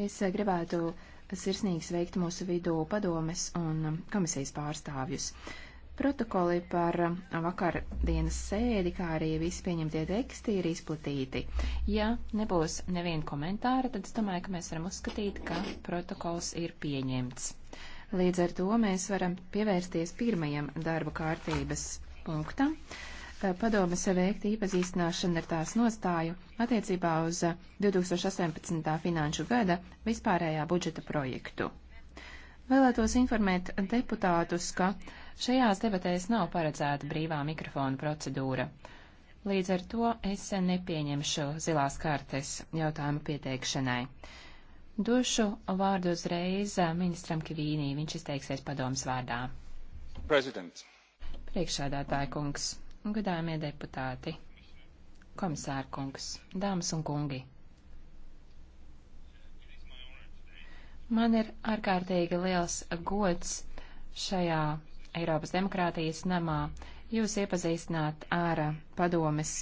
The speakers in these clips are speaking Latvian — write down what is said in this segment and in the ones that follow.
Es eh, gribētu sirsnīgi sveikt mūsu vidū padomes un eh, komisijas pārstāvjus. Protokoli par eh, vakar dienas sēdi, kā arī visi pieņemtie teksti ir izplatīti. Ja nebūs neviena komentāra, tad es domāju, ka mēs varam uzskatīt, ka protokols ir pieņemts. Līdz ar to mēs varam pievērsties pirmajam darba kārtības punktam padomas veikta īpazīstināšana ar tās nostāju attiecībā uz 2018. finanšu gada vispārējā budžeta projektu. Vēlētos informēt deputātus, ka šajās debatēs nav paredzēta brīvā mikrofona procedūra. Līdz ar to es nepieņemšu zilās kartes jautājumu pieteikšanai. Došu vārdu uzreiz ministram Kivīnī, viņš izteiksies padomas vārdā. President. Priekšsēdētāja kungs. Gadāmie deputāti, komisārkungs, dāmas un kungi. Man ir ārkārtīgi liels gods šajā Eiropas demokrātijas namā jūs iepazīstināt ar padomes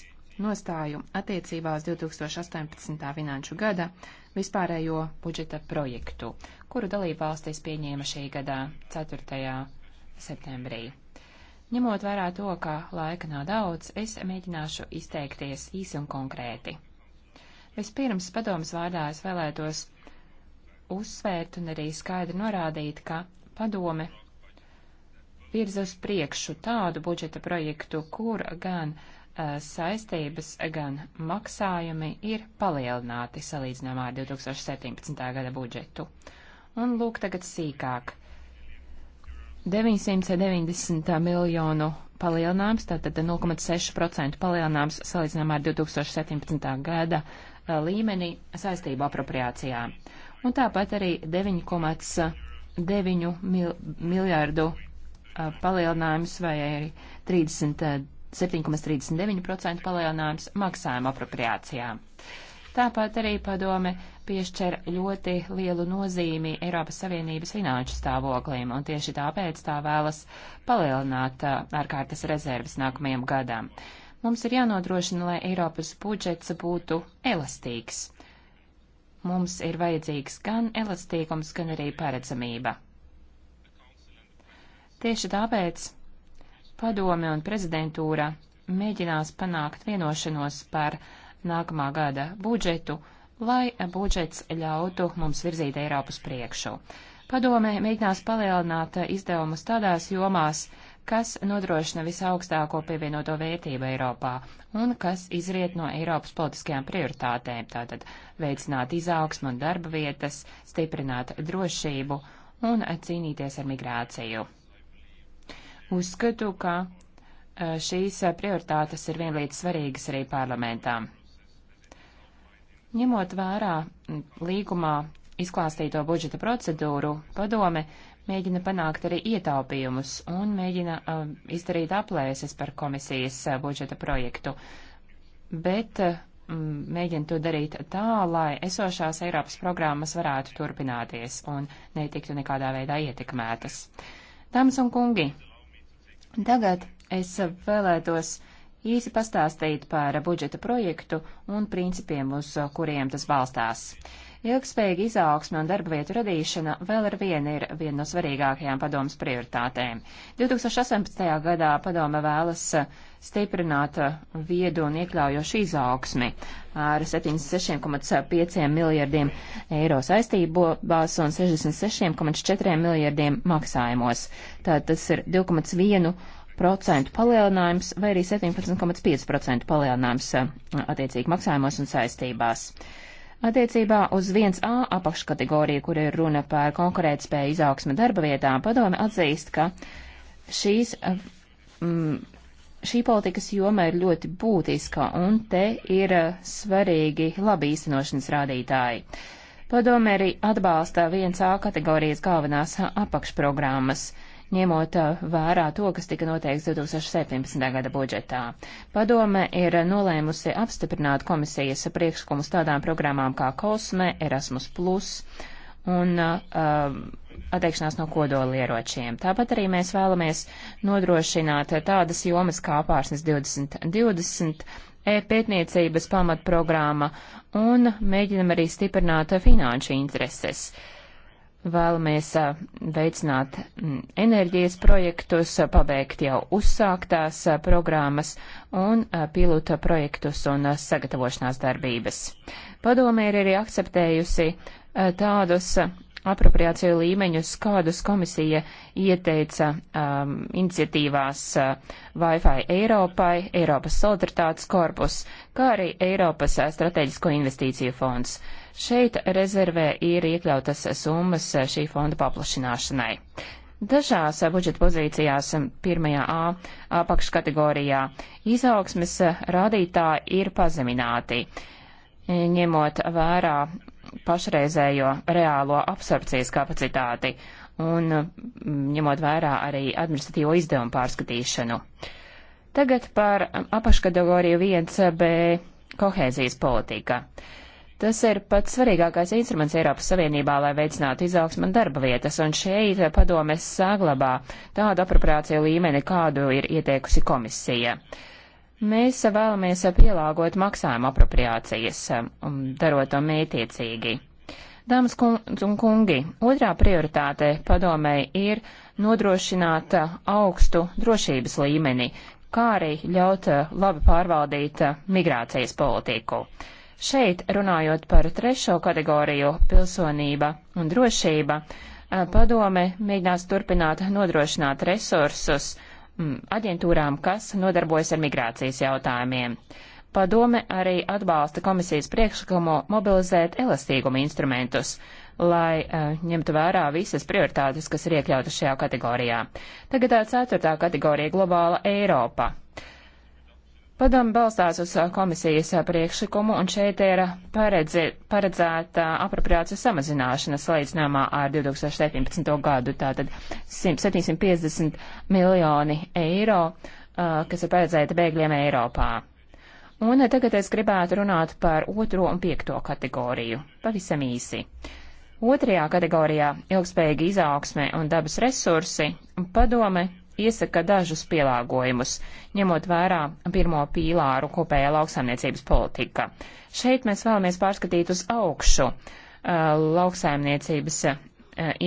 nostāju attiecībā uz 2018. finanšu gada vispārējo budžeta projektu, kuru dalībvalstis pieņēma šī gadā 4. septembrī. Ņemot vērā to, ka laika nav daudz, es mēģināšu izteikties īsi un konkrēti. Vispirms padomas vārdā es vēlētos uzsvērt un arī skaidri norādīt, ka padome virza uz priekšu tādu budžeta projektu, kur gan uh, saistības, gan maksājumi ir palielināti salīdzinājumā ar 2017. gada budžetu. Un lūk tagad sīkāk 990 miljonu palielinājums, tātad 0,6% palielinājums salīdzinām ar 2017. gada līmeni saistību apropriācijā. Un tāpat arī 9,9 mil miljārdu palielinājums vai arī 30. 7,39% palielinājums maksājuma apropriācijām. Uh, Tāpat arī padome piešķir ļoti lielu nozīmi Eiropas Savienības finanšu stāvoklim, un tieši tāpēc tā vēlas palielināt ārkārtas rezerves nākamajam gadam. Mums ir jānodrošina, lai Eiropas budžets būtu elastīgs. Mums ir vajadzīgs gan elastīgums, gan arī paredzamība. Tieši tāpēc padome un prezidentūra mēģinās panākt vienošanos par uh, nākamā gada budžetu, lai budžets ļautu mums virzīt Eiropas priekšu. Padome mēģinās palielināt izdevumus tādās jomās, kas nodrošina visaugstāko pievienoto vērtību Eiropā un kas izriet no Eiropas politiskajām prioritātēm, tātad veicināt izaugsmu un darba vietas, stiprināt drošību un cīnīties ar migrāciju. Uzskatu, ka eh, šīs prioritātes ir vienlīdz svarīgas arī parlamentām. Ņemot vērā līgumā izklāstīto budžeta procedūru, padome mēģina panākt arī ietaupījumus un mēģina uh, izdarīt aplēses par komisijas uh, budžeta projektu, bet uh, mēģina to darīt tā, lai esošās Eiropas programmas varētu turpināties un netiktu nekādā veidā ietekmētas. Dāmas un kungi, tagad es vēlētos īsi pastāstīt par budžeta projektu un principiem, uz kuriem tas balstās. Ilgspējīga izaugsme un darba vietu radīšana vēl ar vienu ir viena no svarīgākajām padomas prioritātēm. 2018. gadā padoma vēlas stiprināt viedu un iekļaujošu izaugsmi ar 76,5 miljardiem eiro saistībās un 66,4 miljardiem maksājumos. Tātad tas ir 2,1 17% palielinājums vai arī 17,5% palielinājums eh, attiecīgi maksājumos un saistībās. Attiecībā uz 1A apakškategoriju, kur ir runa par konkurētspēju izaugsmi darba vietā, padome atzīst, ka šīs, eh, mm, šī politikas joma ir ļoti būtiska un te ir eh, svarīgi labi īstenošanas rādītāji. Padome arī atbalsta 1A kategorijas galvenās apakšprogrammas ņemot uh, vērā to, kas tika noteikts 2017. gada budžetā. Padome ir nolēmusi apstiprināt komisijas priekšlikumus tādām programmām kā Kosme, Erasmus, un uh, atteikšanās no kodolieročiem. Tāpat arī mēs vēlamies nodrošināt tādas jomas kā pārsnes 2020, e-pētniecības pamatprogramma un mēģinam arī stiprināt finanšu intereses. Uh, Vēlamies veicināt enerģijas projektus, pabeigt jau uzsāktās programmas un pilota projektus un sagatavošanās darbības. Padomē ir arī akceptējusi tādus apropriāciju līmeņus, kādus komisija ieteica um, iniciatīvās uh, Wi-Fi Eiropai, Eiropas solidaritātes korpus, kā arī Eiropas uh, strateģisko investīciju fonds. Šeit rezervē ir iekļautas summas šī fonda paplašināšanai. Dažās budžeta pozīcijās 1A apakškategorijā izaugsmes rādītāji ir pazemināti, ņemot vērā pašreizējo reālo absorpcijas kapacitāti un mm, ņemot vērā arī administratīvo izdevumu pārskatīšanu. Tagad par apakškategoriju 1B kohēzijas politika. Uh, Tas ir pats svarīgākais instruments Eiropas Savienībā, lai veicinātu izaugsmu un darba vietas, un šeit padomes saglabā tādu apropriāciju līmeni, kādu ir ieteikusi komisija. Mēs vēlamies pielāgot maksājumu apropriācijas, um, darot to mētiecīgi. Dāmas un kungi, otrā prioritāte padomei ir nodrošināt augstu drošības līmeni, kā arī ļaut uh, labi pārvaldīt uh, migrācijas politiku. Šeit, runājot par trešo kategoriju - pilsonība un drošība, padome mēģinās turpināt nodrošināt resursus aģentūrām, kas nodarbojas ar migrācijas jautājumiem. Padome arī atbalsta komisijas priekšlikumu mobilizēt elastīgumu instrumentus, lai uh, ņemtu vērā visas prioritātes, kas ir iekļautas šajā kategorijā. Tagad tā ceturtā kategorija - globāla Eiropa. Uh, Padom balstās uz komisijas priekšlikumu, un šeit ir paredzi, paredzēta apropriācijas samazināšana salīdzinājumā ar 2017. gadu, tātad 750 miljoni eiro, kas ir paredzēta bēgļiem Eiropā. Un tagad es gribētu runāt par otro un piekto kategoriju, pavisam īsi. Otrajā kategorijā - ilgspējīga izaugsme un dabas resursi, padome iesaka dažus pielāgojumus, ņemot vērā pirmo pīlāru kopējā lauksaimniecības politika. Šeit mēs vēlamies pārskatīt uz augšu uh, lauksaimniecības uh,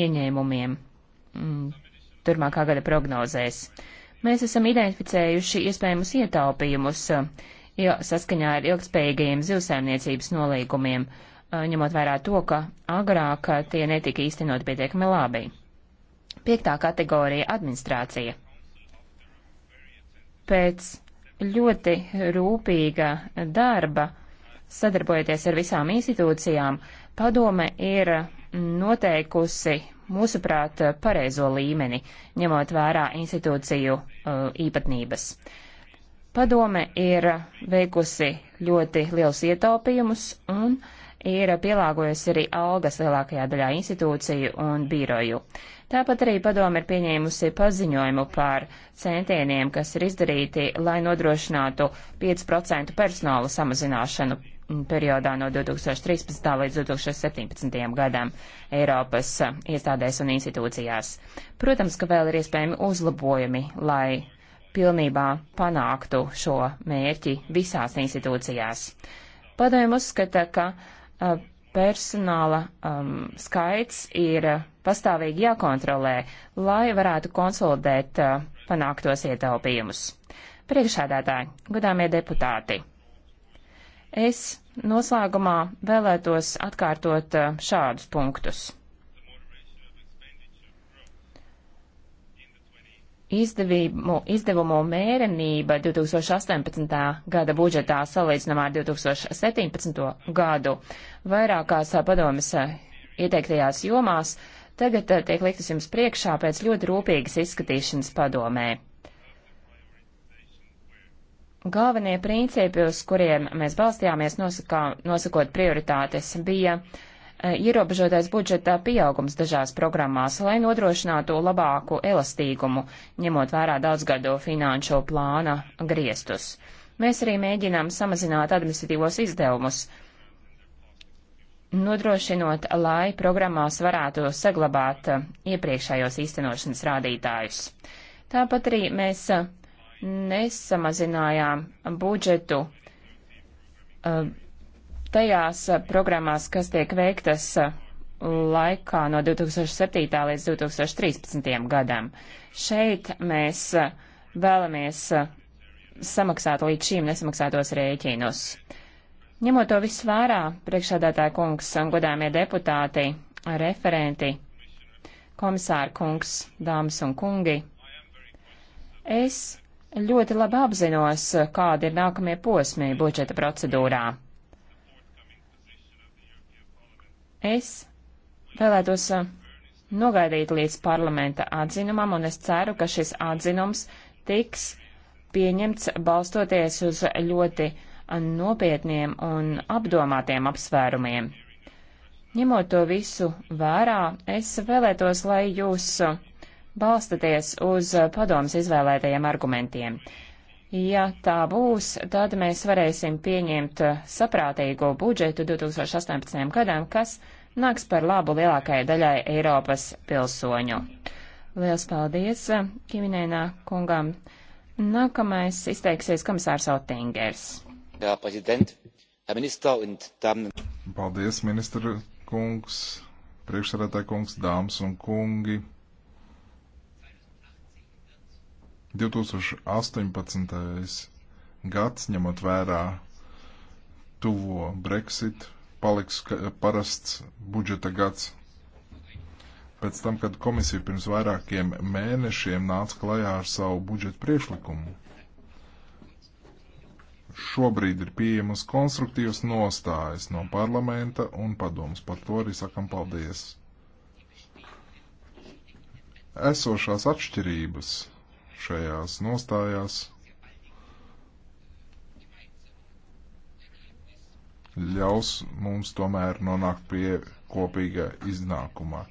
ieņēmumiem mm, turmākā gada prognozēs. Mēs esam identificējuši iespējamus ietaupījumus uh, saskaņā ar ilgspējīgajiem zivsaimniecības nolīgumiem, uh, ņemot vērā to, ka agrāk tie netika īstenot pietiekami labi. Piektā kategorija - administrācija. Pēc ļoti rūpīga darba, sadarbojoties ar visām institūcijām, padome ir noteikusi, mūsuprāt, pareizo līmeni, ņemot vērā institūciju uh, īpatnības. Padome ir veikusi ļoti liels ietaupījumus un ir pielāgojusi arī algas lielākajā daļā institūciju un biroju. Tāpat arī padome ir pieņēmusi paziņojumu par centieniem, kas ir izdarīti, lai nodrošinātu 5% personāla samazināšanu periodā no 2013. līdz 2017. gadam Eiropas iestādēs un institūcijās. Protams, ka vēl ir iespējami uzlabojumi, lai pilnībā panāktu šo mērķi visās institūcijās. Padomju uzskata, ka personāla um, skaits ir pastāvīgi jākontrolē, lai varētu konsolidēt uh, panāktos ietaupījumus. Priekšādātāji, godāmie deputāti, es noslēgumā vēlētos atkārtot uh, šādus punktus. Izdevību, izdevumu mērenība 2018. gada budžetā salīdzinām ar 2017. gadu vairākās uh, padomas uh, ieteiktajās jomās tagad eh, tiek liktas jums priekšā pēc ļoti rūpīgas izskatīšanas padomē. Galvenie principi, uz kuriem mēs balstījāmies nosakā, nosakot prioritātes, bija eh, ierobežotais budžeta pieaugums dažās programmās, lai nodrošinātu labāku elastīgumu, ņemot vērā daudzgado finanšu plāna griestus. Mēs arī mēģinām samazināt administratīvos izdevumus, nodrošinot, lai programmās varētu saglabāt uh, iepriekšējos īstenošanas rādītājus. Tāpat arī mēs uh, nesamazinājām budžetu uh, tajās programmās, kas tiek veiktas laikā no 2007. līdz 2013. gadam. Šeit mēs vēlamies samaksāt līdz šīm nesamaksātos rēķinus. Ņemot to visu vērā, priekšādātāja kungs, godāmie deputāti, referenti, komisāra kungs, dāmas un kungi, es ļoti labi apzinos, kādi ir nākamie posmi budžeta procedūrā. Es vēlētos uh, nogaidīt līdz parlamenta atzinumam, un es ceru, ka šis atzinums tiks pieņemts balstoties uz ļoti uh, nopietniem un apdomātiem apsvērumiem. Ņemot to visu vērā, es vēlētos, lai jūs balstaties uz padomas izvēlētajiem argumentiem. Ja tā būs, tad mēs varēsim pieņemt saprātīgo budžetu 2018. gadam, kas nāks par labu lielākajai daļai Eiropas pilsoņu. Liels paldies Kiminēnā kungam. Nākamais izteiksies komisārs Otingers herr präsident herr minister und damen un kungi! Paldies, ministra kungs, priekšsēdētāja kungs, dāmas un kungi. 2018. gads, ņemot vērā tuvo Brexit, paliks parasts budžeta gads. Pēc tam, kad komisija pirms vairākiem mēnešiem nāca klajā ar savu budžeta priekšlikumu šobrīd ir pieejamas konstruktīvas nostājas no parlamenta un padomus. Par to arī sakam paldies. Esošās atšķirības šajās nostājās ļaus mums tomēr nonākt pie kopīga iznākuma.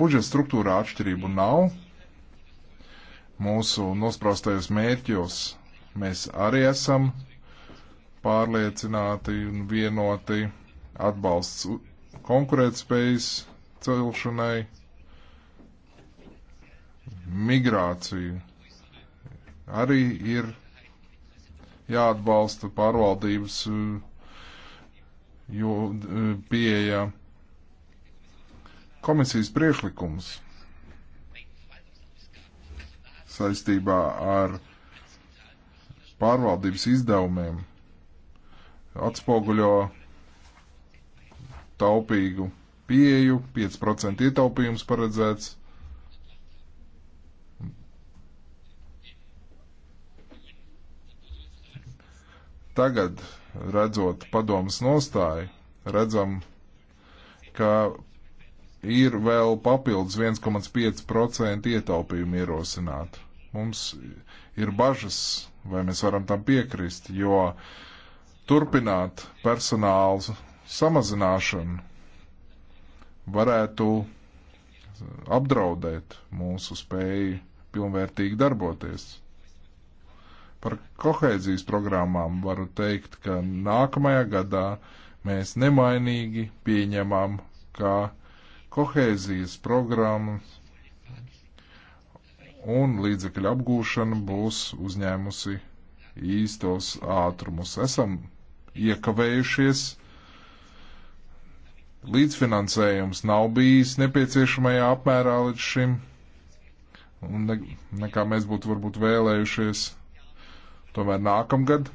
Budžeta struktūrā atšķirību nav. Mūsu nospraustajos mērķos mēs arī esam pārliecināti un vienoti atbalsts konkurētspējas celšanai, migrāciju. Arī ir jāatbalsta pārvaldības jo, pieeja komisijas priekšlikums saistībā ar pārvaldības izdevumiem atspoguļo taupīgu pieeju, 5% ietaupījums paredzēts. Tagad, redzot padomas nostāju, redzam, ka ir vēl papildus 1,5% ietaupījumu ierosināt. Mums ir bažas, vai mēs varam tam piekrist, jo uh, turpināt personāla samazināšanu varētu apdraudēt mūsu spēju pilnvērtīgi darboties. Par kohēzijas programmām varu teikt, ka nākamajā gadā mēs nemainīgi pieņemam, ka kohēzijas programma un līdzekļu apgūšana būs uzņēmusi īstos ātrumus. Esam iekavējušies. Līdzfinansējums nav bijis nepieciešamajā apmērā līdz šim, un ne, nekā mēs būtu varbūt vēlējušies. Tomēr nākamgad,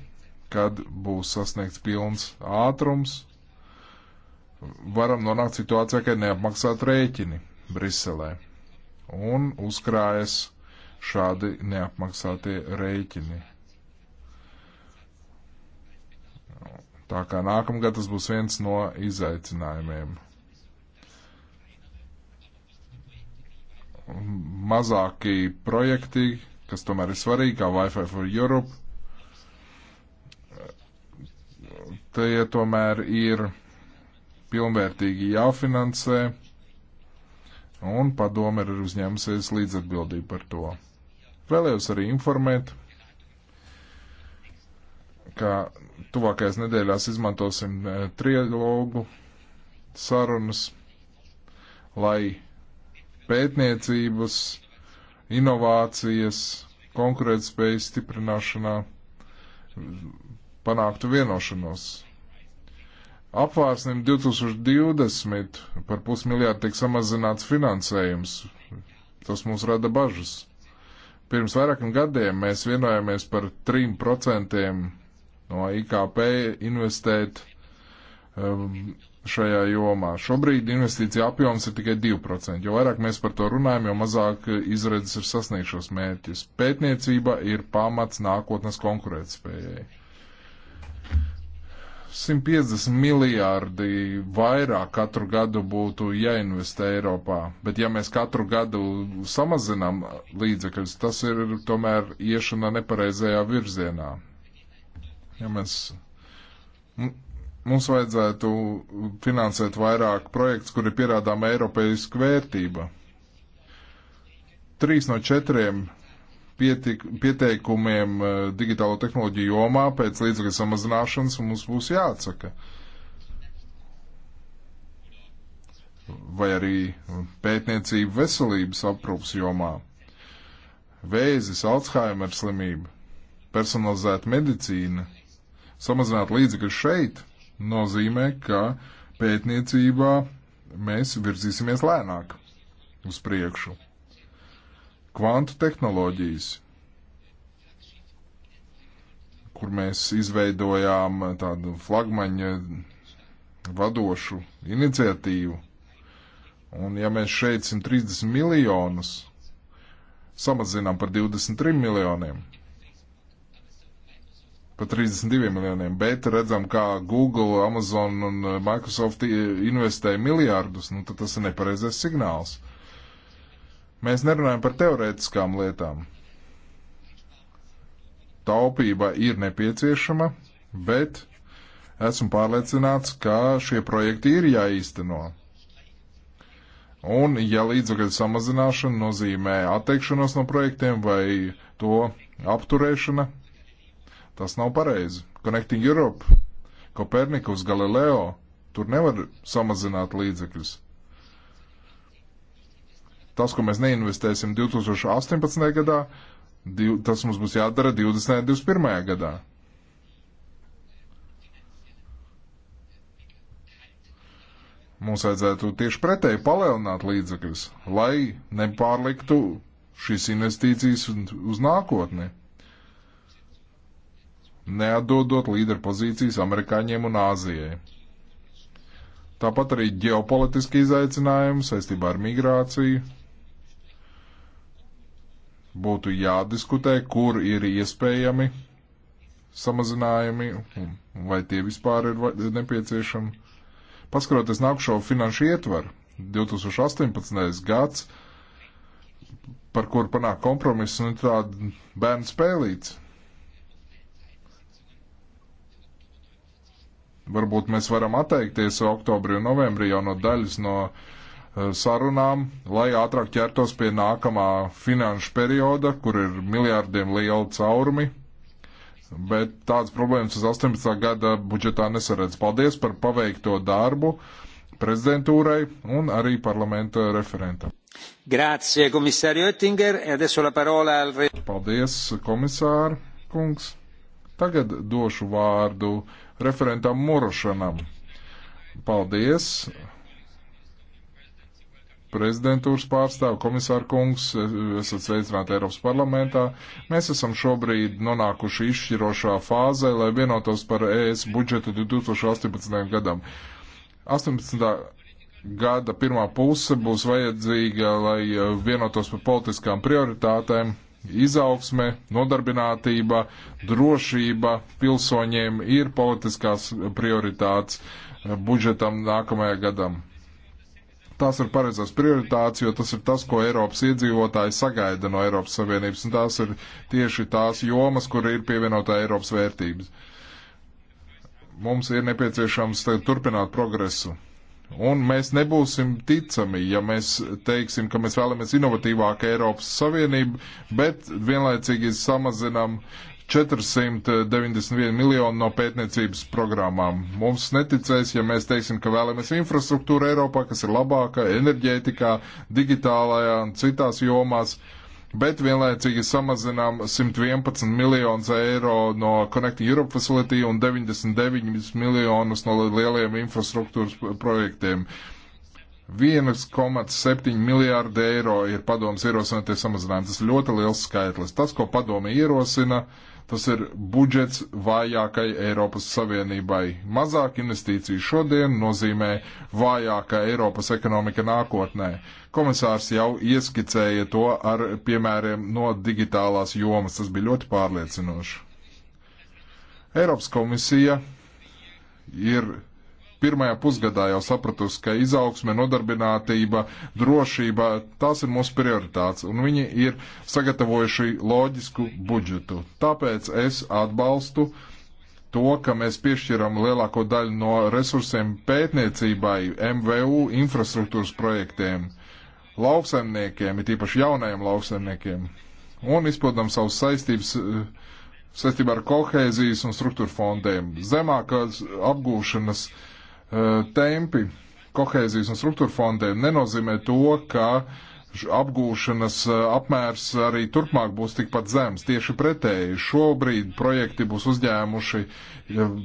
kad būs sasniegts pilns ātrums, varam nonākt situācijā, ka ir neapmaksāt rēķini Briselē. Un uzkrājas šādi neapmaksātie rēķini. Tā kā nākamgad tas būs viens no izaicinājumiem. Mazāki projekti, kas tomēr ir svarīgi, kā Wi-Fi for Europe, tie tomēr ir pilnvērtīgi jāfinansē, un padome ir uzņēmusies līdzatbildību par to. Vēlējos arī informēt ka tuvākajās nedēļās izmantosim e, trilogu sarunas, lai pētniecības, inovācijas, konkurētspējas stiprināšanā panāktu vienošanos. Apvārsnim 2020 par pusmiljārdu tiek samazināts finansējums. Tas mums rada bažas. Pirms vairākiem gadiem mēs vienojāmies par 3% no IKP investēt um, šajā jomā. Šobrīd investīcija apjoms ir tikai 2%. Jo vairāk mēs par to runājam, jo mazāk izredzes ir sasniegšos mērķus. Pētniecība ir pamats nākotnes konkurētspējai. 150 miljārdi vairāk katru gadu būtu jāinvestē Eiropā, bet ja mēs katru gadu samazinām līdzekļus, tas ir tomēr iešana nepareizajā virzienā ja mēs mums vajadzētu finansēt vairāk projekts, kuri pierādām eiropeisku vērtību. Trīs no četriem pietik, pieteikumiem eh, digitālo tehnoloģiju jomā pēc līdzekļu samazināšanas mums būs jāatsaka. Vai arī pētniecība veselības aprūpas jomā, vēzis, Alzheimer slimība, personalizēta medicīna – Samazināt līdzekļus šeit nozīmē, ka pētniecībā mēs virzīsimies lēnāk uz priekšu. Kvantu tehnoloģijas, kur mēs izveidojām tādu flagmaņa vadošu iniciatīvu. Un ja mēs šeit 130 miljonus samazinām par 23 miljoniem, pa 32 miljoniem, bet redzam, kā Google, Amazon un eh, Microsoft investē miljārdus, nu tad tas ir nepareizais signāls. Mēs nerunājam par teorētiskām lietām. Taupība ir nepieciešama, bet esmu pārliecināts, ka šie projekti ir jāīsteno. Un, ja līdzekļu samazināšana nozīmē atteikšanos no projektiem vai to apturēšana, Tas nav pareizi. Connecting Europe, Kopernikus, Galileo, tur nevar samazināt līdzekļus. Tas, ko mēs neinvestēsim 2018. gadā, div, tas mums būs jādara 20. un 21. gadā. Mums vajadzētu tieši pretēji palielināt līdzekļus, lai nepārliktu šīs investīcijas uz nākotni neatdodot līderu pozīcijas amerikāņiem un Āzijai. Tāpat arī ģeopolitiski izaicinājumi saistībā ar migrāciju. Būtu jādiskutē, kur ir iespējami samazinājumi, vai tie vispār ir nepieciešami. Paskaroties nākušo finanšu ietvaru, 2018. gads, par kur panāk kompromiss un nu, tāda bērnu spēlīts Varbūt mēs varam atteikties oktobrī un novembrī jau no daļas no eh, sarunām, lai ātrāk ķertos pie nākamā finanšu perioda, kur ir miljārdiem liela caurumi. Bet tādas problēmas uz 18. gada budžetā nesaredz. Paldies par paveikto darbu prezidentūrai un arī parlamenta referentam. Grazie, komisāri Oettinger. E Paldies, komisāri kungs. Tagad došu vārdu referentam Morošanam. Paldies! Prezidentūras pārstāv, komisāra kungs, esat sveicināti Eiropas parlamentā. Mēs esam šobrīd nonākuši izšķirošā fāzē, lai vienotos par ES budžetu 2018. gadam. 18 gada pirmā puse būs vajadzīga, lai vienotos par politiskām prioritātēm, Izaugsme, nodarbinātība, drošība pilsoņiem ir politiskās prioritātes eh, budžetam nākamajā gadam. Tās ir pareizās prioritātes, jo tas ir tas, ko Eiropas iedzīvotāji sagaida no Eiropas Savienības, un tās ir tieši tās jomas, kur ir pievienotā Eiropas vērtības. Mums ir nepieciešams turpināt progresu. Un mēs nebūsim ticami, ja mēs teiksim, ka mēs vēlamies inovatīvāku Eiropas Savienību, bet vienlaicīgi samazinam 491 miljonu no pētniecības programmām. Mums neticēs, ja mēs teiksim, ka vēlamies infrastruktūru Eiropā, kas ir labāka enerģētikā, digitālajā un citās jomās. Uh, bet vienlaicīgi samazinām 111 miljonus eiro no Connecting Europe Facility un 99 miljonus no lieliem infrastruktūras projektiem. 1,7 miljārdi eiro ir padoms ierosināties samazinājums. Tas ļoti liels skaitlis. Tas, ko padomi ierosina, uh, Tas ir budžets vājākai Eiropas Savienībai. Mazāk investīciju šodien nozīmē vājāka Eiropas ekonomika nākotnē. Komisārs jau ieskicēja to ar piemēriem no digitālās jomas. Tas bija ļoti pārliecinoši. Eiropas komisija ir pirmajā pusgadā jau sapratusi, ka izaugsme, nodarbinātība, drošība, tās ir mūsu prioritātes, un viņi ir sagatavojuši loģisku budžetu. Tāpēc es atbalstu to, ka mēs piešķiram lielāko daļu no resursiem pētniecībai, MVU infrastruktūras projektiem, lauksaimniekiem, it īpaši jaunajiem lauksaimniekiem, un izpildam savus saistības eh, saistībā ar kohēzijas un struktūra fondiem. Zemākās apgūšanas uh, Eh, tempi kohēzijas un struktūra fondiem nenozīmē to, ka apgūšanas eh, apmērs arī turpmāk būs tikpat zems. Tieši pretēji, šobrīd projekti būs uzņēmuši eh,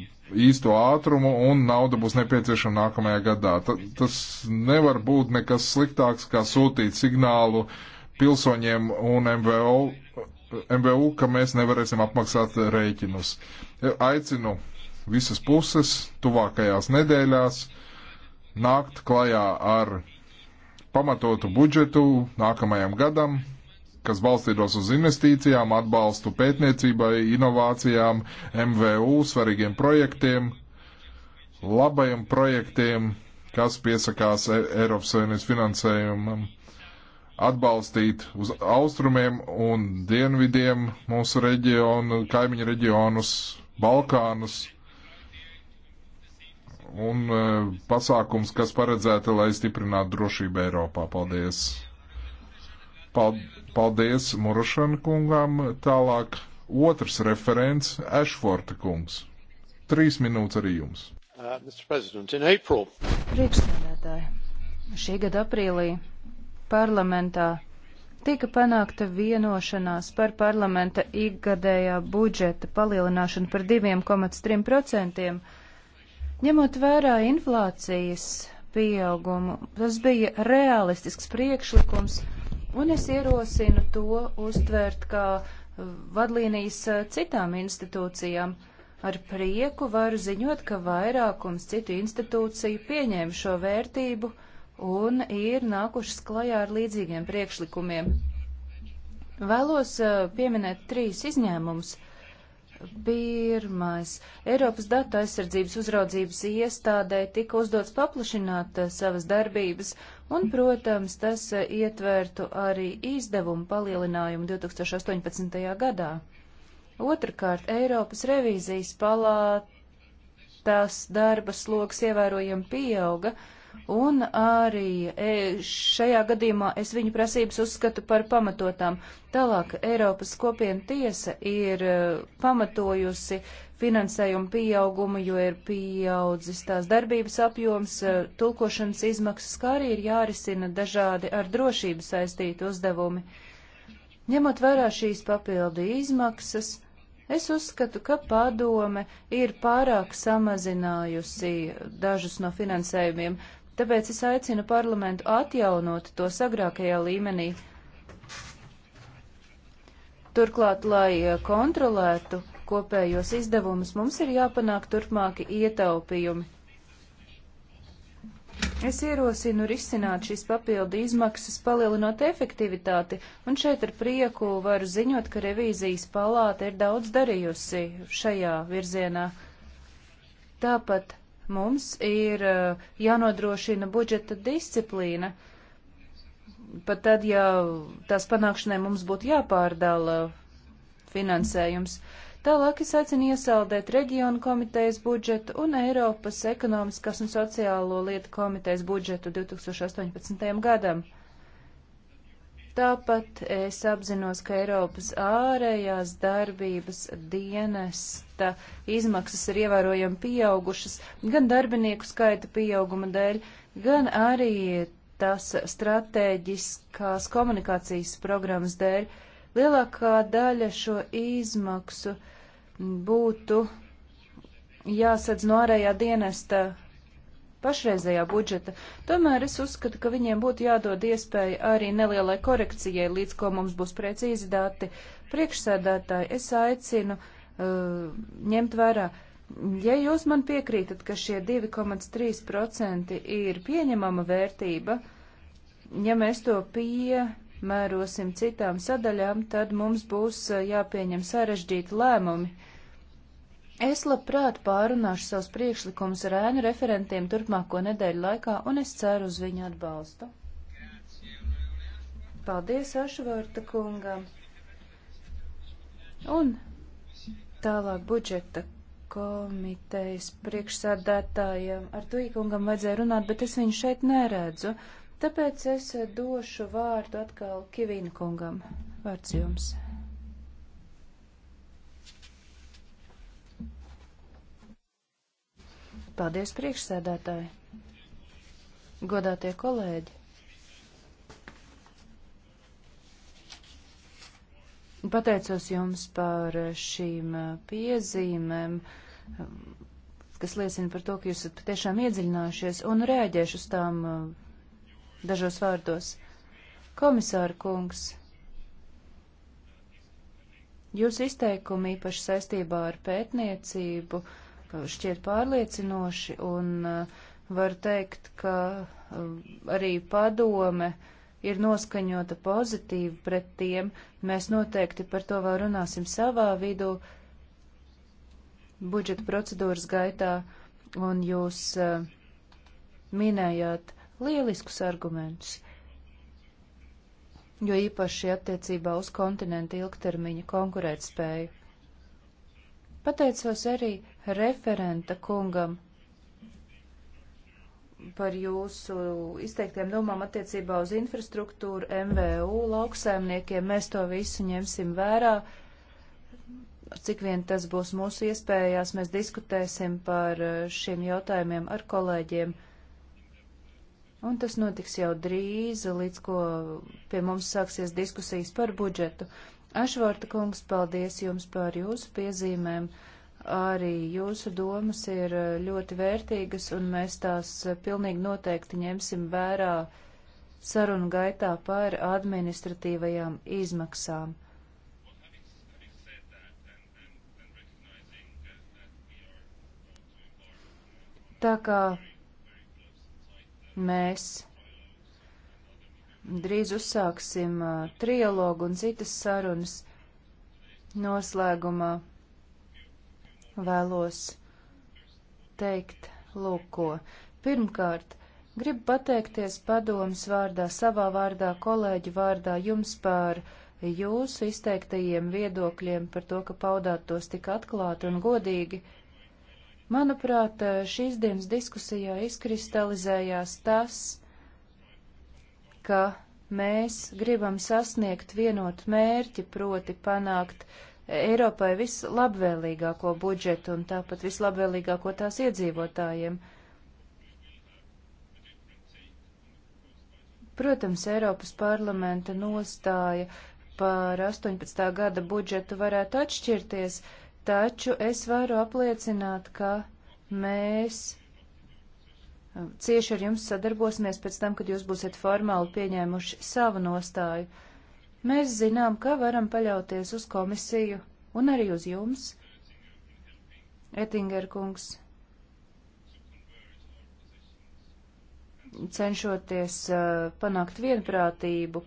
īsto ātrumu un nauda būs nepieciešama nākamajā gadā. Ta, tas nevar būt nekas sliktāks, kā sūtīt signālu pilsoņiem un MVO, MVU, ka mēs nevarēsim apmaksāt rēķinus. Aicinu visas puses tuvākajās nedēļās nākt klajā ar pamatotu budžetu nākamajam gadam, kas balstītos uz investīcijām, atbalstu pētniecībai, inovācijām, MVU, svarīgiem projektiem, labajiem projektiem, kas piesakās e- Eiropas Savienības finansējumam, atbalstīt uz austrumiem un dienvidiem mūsu reģionu, kaimiņu reģionus, Balkānus, un e, pasākums, kas paredzēta, lai stiprinātu drošību Eiropā. Paldies! Paldies Murušana kungam. Tālāk otrs referents - Ešforta kungs. Trīs minūtes arī jums. Uh, Priekšsēdētāji, šī gada aprīlī parlamentā tika panākta vienošanās par parlamenta ikgadējā budžeta palielināšanu par 2,3%. Ņemot vērā inflācijas pieaugumu, tas bija realistisks priekšlikums, un es ierosinu to uztvērt kā vadlīnijas eh, citām institūcijām. Ar prieku varu ziņot, ka vairākums citu institūciju pieņēma šo vērtību un ir nākušas klajā ar līdzīgiem priekšlikumiem. Vēlos eh, pieminēt trīs izņēmumus. Uh, Pirmais. Eiropas datu aizsardzības uzraudzības iestādē tika uzdots paplašināt eh, savas darbības, un, protams, tas eh, ietvērtu arī izdevumu palielinājumu 2018. gadā. Otrakārt, Eiropas revīzijas palātas darba sloks ievērojami pieauga, uh, Un arī e, šajā gadījumā es viņu prasības uzskatu par pamatotām. Tālāk Eiropas kopiena tiesa ir e, pamatojusi finansējumu pieaugumu, jo ir pieaudzis tās darbības apjoms, e, tulkošanas izmaksas, kā arī ir jārisina dažādi ar drošību saistīti uzdevumi. Ņemot vērā šīs papildu izmaksas, Es uzskatu, ka padome ir pārāk samazinājusi dažus no finansējumiem. Tāpēc es aicinu parlamentu atjaunot to sagrākajā līmenī. Turklāt, lai eh, kontrolētu kopējos izdevumus, mums ir jāpanāk turpmāki ietaupījumi. Es ierosinu risināt šīs papildu izmaksas, palielinot efektivitāti, un šeit ar prieku varu ziņot, ka revīzijas palāta ir daudz darījusi šajā virzienā. Tāpat Mums ir eh, jānodrošina budžeta disciplīna. Pat tad, ja tās panākšanai mums būtu jāpārdala finansējums. Tālāk es aicinu iesaldēt reģionu komitejas budžetu un Eiropas ekonomiskās un sociālo lietu komitejas budžetu 2018. gadam. Tāpat es apzinos, ka Eiropas ārējās darbības dienesta izmaksas ir ievērojami pieaugušas gan darbinieku skaita pieauguma dēļ, gan arī tās stratēģiskās komunikācijas programmas dēļ. Lielākā daļa šo izmaksu būtu jāsadz no ārējā dienesta pašreizējā budžeta, tomēr es uzskatu, ka viņiem būtu jādod iespēja arī nelielai korekcijai, līdz ko mums būs precīzi dati. Priekšsēdētāji, es aicinu uh, ņemt vērā, ja jūs man piekrītat, ka šie 2,3% ir pieņemama vērtība, ja mēs to pie mērosim citām sadaļām, tad mums būs uh, jāpieņem sarežģīti lēmumi Es labprāt pārunāšu savus priekšlikumus ar ēnu referentiem turpmāko nedēļu laikā, un es ceru uz viņu atbalstu. Paldies Ašvārta kungam. Un tālāk budžeta komitejas priekšsādātājiem ar Tuīkungam vajadzēja runāt, bet es viņu šeit neredzu. Tāpēc es došu vārdu atkal Kivīna kungam. Vārds jums. Paldies, priekšsēdētāji! Godātie kolēģi! Pateicos jums par šīm uh, piezīmēm, um, kas liecina par to, ka jūs esat patiešām iedziļinājušies un rēģēšu uz tām uh, dažos vārdos. Komisāra kungs, jūs izteikumi īpaši saistībā ar pētniecību šķiet pārliecinoši, un uh, var teikt, ka uh, arī padome ir noskaņota pozitīvi pret tiem. Mēs noteikti par to vēl runāsim savā vidū budžeta procedūras gaitā, un jūs uh, minējāt lieliskus argumentus, jo īpaši attiecībā uz kontinentu ilgtermiņa konkurētspēju. Pateicos arī referenta kungam par jūsu izteiktiem domām attiecībā uz infrastruktūru, MVU, lauksaimniekiem. Mēs to visu ņemsim vērā. Cik vien tas būs mūsu iespējās, mēs diskutēsim par eh, šiem jautājumiem ar kolēģiem. Un tas notiks jau drīz, līdz ko pie mums sāksies diskusijas par budžetu. Ašvorta kungs, paldies jums par jūsu piezīmēm. Arī jūsu domas ir eh, ļoti vērtīgas, un mēs tās eh, pilnīgi noteikti ņemsim vērā sarunu gaitā par administratīvajām izmaksām. Tā kā mēs Drīz uzsāksim uh, trialogu un citas sarunas. Noslēgumā vēlos teikt, lūko. Pirmkārt, gribu pateikties padomas vārdā, savā vārdā, kolēģi vārdā jums par jūsu izteiktajiem viedokļiem par to, ka paudāt tos tik atklāti un godīgi. Manuprāt, šīs dienas diskusijā izkristalizējās tas, ka mēs gribam sasniegt vienotu mērķi, proti panākt Eiropai vislabvēlīgāko budžetu un tāpat vislabvēlīgāko tās iedzīvotājiem. Protams, Eiropas parlamenta nostāja par 18. gada budžetu varētu atšķirties, taču es varu apliecināt, ka mēs cieši ar jums sadarbosimies pēc tam, kad jūs būsiet formāli pieņēmuši savu nostāju. Mēs zinām, ka varam paļauties uz komisiju un arī uz jums, Ettinger kungs, cenšoties uh, panākt vienprātību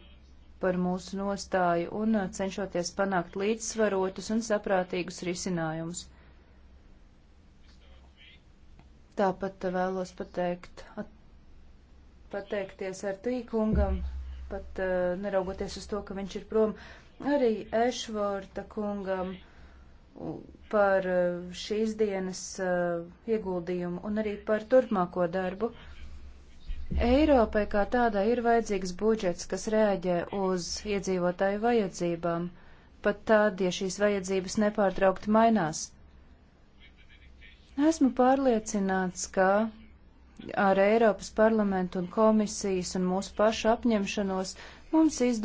par mūsu nostāju un uh, cenšoties panākt līdzsvarotus un saprātīgus risinājumus. Tāpat vēlos pateikt, at, pateikties ar tīkungam, pat uh, neraugoties uz to, ka viņš ir prom, arī Ešvorta kungam par uh, šīs dienas uh, ieguldījumu un arī par turpmāko darbu. Eiropai kā tādai ir vajadzīgs budžets, kas rēģē uz iedzīvotāju vajadzībām, pat tad, ja šīs vajadzības nepārtraukti mainās. Esmu pārliecināts, ka ar Eiropas parlamentu un komisijas un mūsu pašu apņemšanos mums izdodas.